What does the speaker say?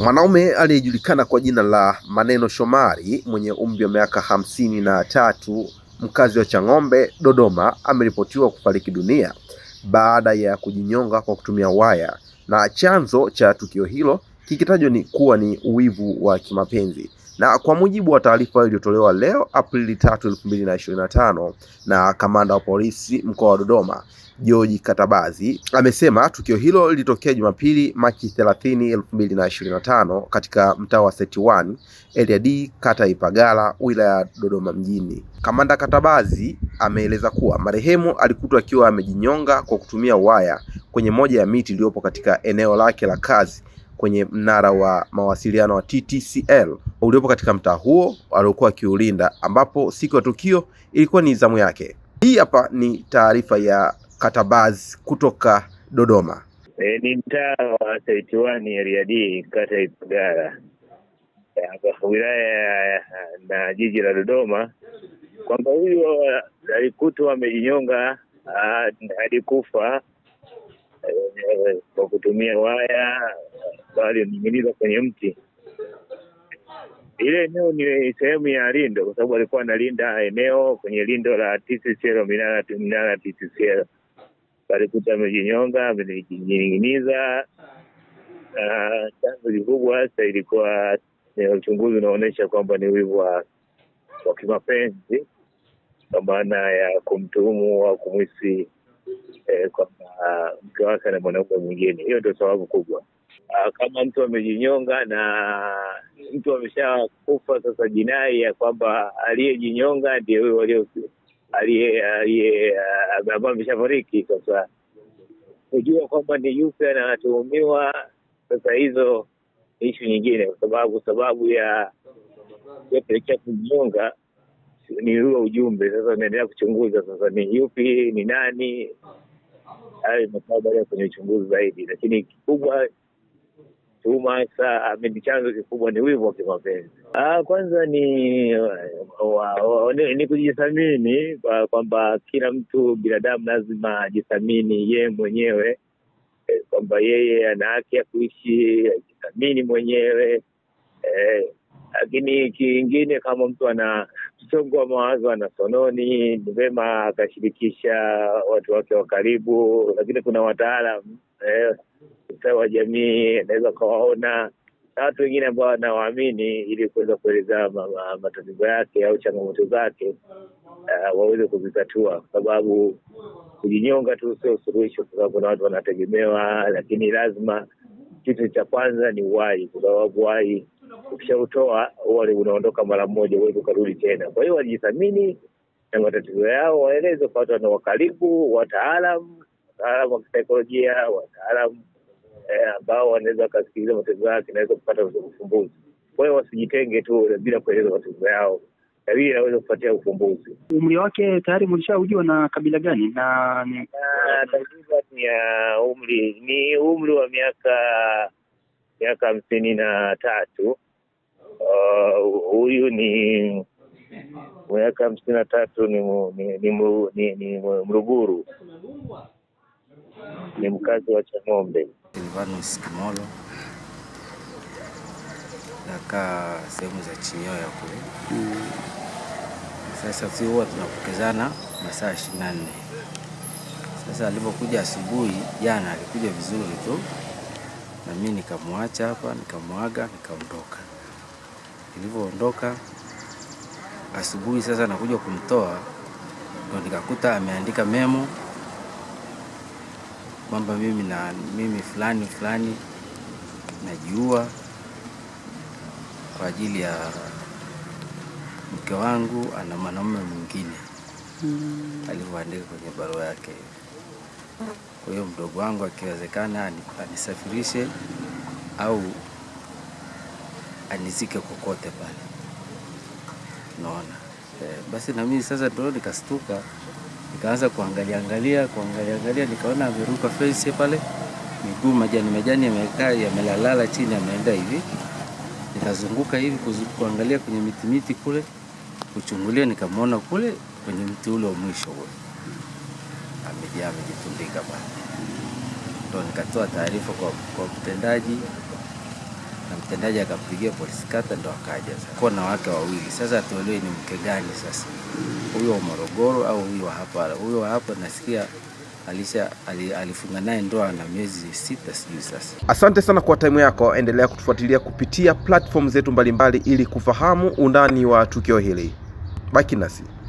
Mwanaume aliyejulikana kwa jina la Maneno Shomari mwenye umri wa miaka hamsini na tatu mkazi wa Chang'ombe, Dodoma ameripotiwa kufariki dunia baada ya kujinyonga kwa kutumia waya, na chanzo cha tukio hilo kikitajwa ni kuwa ni uwivu wa kimapenzi. Na kwa mujibu wa taarifa iliyotolewa leo Aprili tatu elfu mbili na ishirini na tano na kamanda wa polisi mkoa wa Dodoma George Katabazi amesema tukio hilo lilitokea Jumapili Machi thelathini elfu mbili na na tano katika mtaa wa Seti One area D kata Ipagala wilaya ya Dodoma mjini. Kamanda Katabazi ameeleza kuwa marehemu alikutwa akiwa amejinyonga kwa kutumia waya kwenye moja ya miti iliyopo katika eneo lake la kazi kwenye mnara wa mawasiliano wa TTCL uliopo katika mtaa huo aliokuwa akiulinda, ambapo siku ya tukio ilikuwa ni zamu yake. Hii hapa ni taarifa ya Katabaz kutoka Dodoma. E, ni mtaa wa Saitwani area D kata Ipagara e, wilaya na jiji la Dodoma kwamba huyu alikutwa amejinyonga hadi kufa e, kwa kutumia waya aliyoning'iniza kwenye mti. Ile eneo ni sehemu ya lindo, kwa sababu alikuwa analinda eneo kwenye lindo la TCCL, minara minara TCCL. Alikuta amejinyonga, amejining'iniza. Chanzo kikubwa hasa ilikuwa uchunguzi unaonyesha kwamba ni wivu wa wa kimapenzi kwa maana ya kumtuhumu au kumwisi eh, kwamba mke wake na mwanaume mwingine. Hiyo ndio sababu kubwa uh, kama mtu amejinyonga na mtu ameshakufa, sasa jinai ya kwamba aliyejinyonga ndio huyo ah, ambaye ameshafariki. Sasa kujua kwamba ni yupi anatuhumiwa, sasa hizo ni ishu nyingine, kwa sababu sababu ya pelekea kujinyonga ni huo ujumbe. Sasa unaendelea kuchunguza, sasa ni yupi, ni nani? Hayo imekaa baada ya kwenye uchunguzi zaidi, lakini kikubwa tuma hasa ni chanzo kikubwa ni wivu wa kimapenzi. Ah, kwanza ni ni kujithamini, kwamba kila mtu binadamu lazima ajithamini yeye mwenyewe, eh, kwamba yeye ana haki ya kuishi, ajithamini mwenyewe. Eh, lakini kingine kama mtu ana msongo wa mawazo, ana sononi, ni vema akashirikisha watu wake wa karibu, lakini kuna wataalam eh, ustawi wa jamii, naweza ukawaona na watu wengine ambao wanawaamini ili kuweza kueleza matatizo yake au changamoto zake, uh, waweze kuzitatua, kwa sababu kujinyonga tu sio suluhisho, kwa sababu kuna watu wanategemewa, lakini lazima kitu cha kwanza ni uwai kwa sababu uhai ukishautoa huwa unaondoka mara moja, huwezi ukarudi tena. Kwa hiyo wajithamini na matatizo yao waeleze kwa watu wanaokaribu, wataalam wataalamu wa kisaikolojia, wataalamu eh, ambao wanaweza wakasikiliza matatizo yake, inaweza kupata ufumbuzi. Kwa hiyo wasijitenge tu bila kueleza matatizo yao, na hii inaweza kupatia ufumbuzi. Umri wake tayari mlishaujua na kabila gani? Na takriban ya umri ni umri wa miaka miaka hamsini na tatu. Uh, huyu ni miaka hamsini na tatu, ni Mruguru ni mkazi wa Chang'ombe. Silvanus Kimolo, nakaa sehemu za chini yao ya kule mm. Sasa si huwa tunapokezana masaa ishirini na nne. Sasa alipokuja asubuhi jana alikuja vizuri tu, na mimi nikamwacha hapa, nikamwaga, nikaondoka. Nilivyoondoka asubuhi, sasa nakuja kumtoa, ndo nikakuta ameandika memo kwamba mimi na mimi fulani fulani najua kwa ajili ya mke wangu ana mwanaume mwingine mm. alivyoandika kwenye barua yake. Kwa hiyo mdogo wangu akiwezekana anisafirishe au anizike kokote pale, naona e, eh, basi na mimi sasa ndio nikastuka Nikaanza kuangalia angalia kuangalia angalia, nikaona ameruka fence pale, miguu majani majani yamekaa yamelalala chini, ameenda hivi. Nikazunguka hivi kuangalia kwenye miti miti kule, kuchungulia, nikamwona kule kwenye mti ule wa mwisho ule amejitundika pale, ndo nikatoa taarifa kwa, kwa mtendaji na mtendaji akapigia polisi kata, ndo akaja sasa kwa wake wawili. Sasa atuelewe ni mke gani sasa, huyo wa Morogoro au huyo wa hapa? Huyo wa hapa nasikia alisha alifunga naye ndoa na miezi sita, sijui sasa. Asante sana kwa taimu yako, endelea kutufuatilia kupitia platform zetu mbalimbali ili kufahamu undani wa tukio hili. Baki nasi.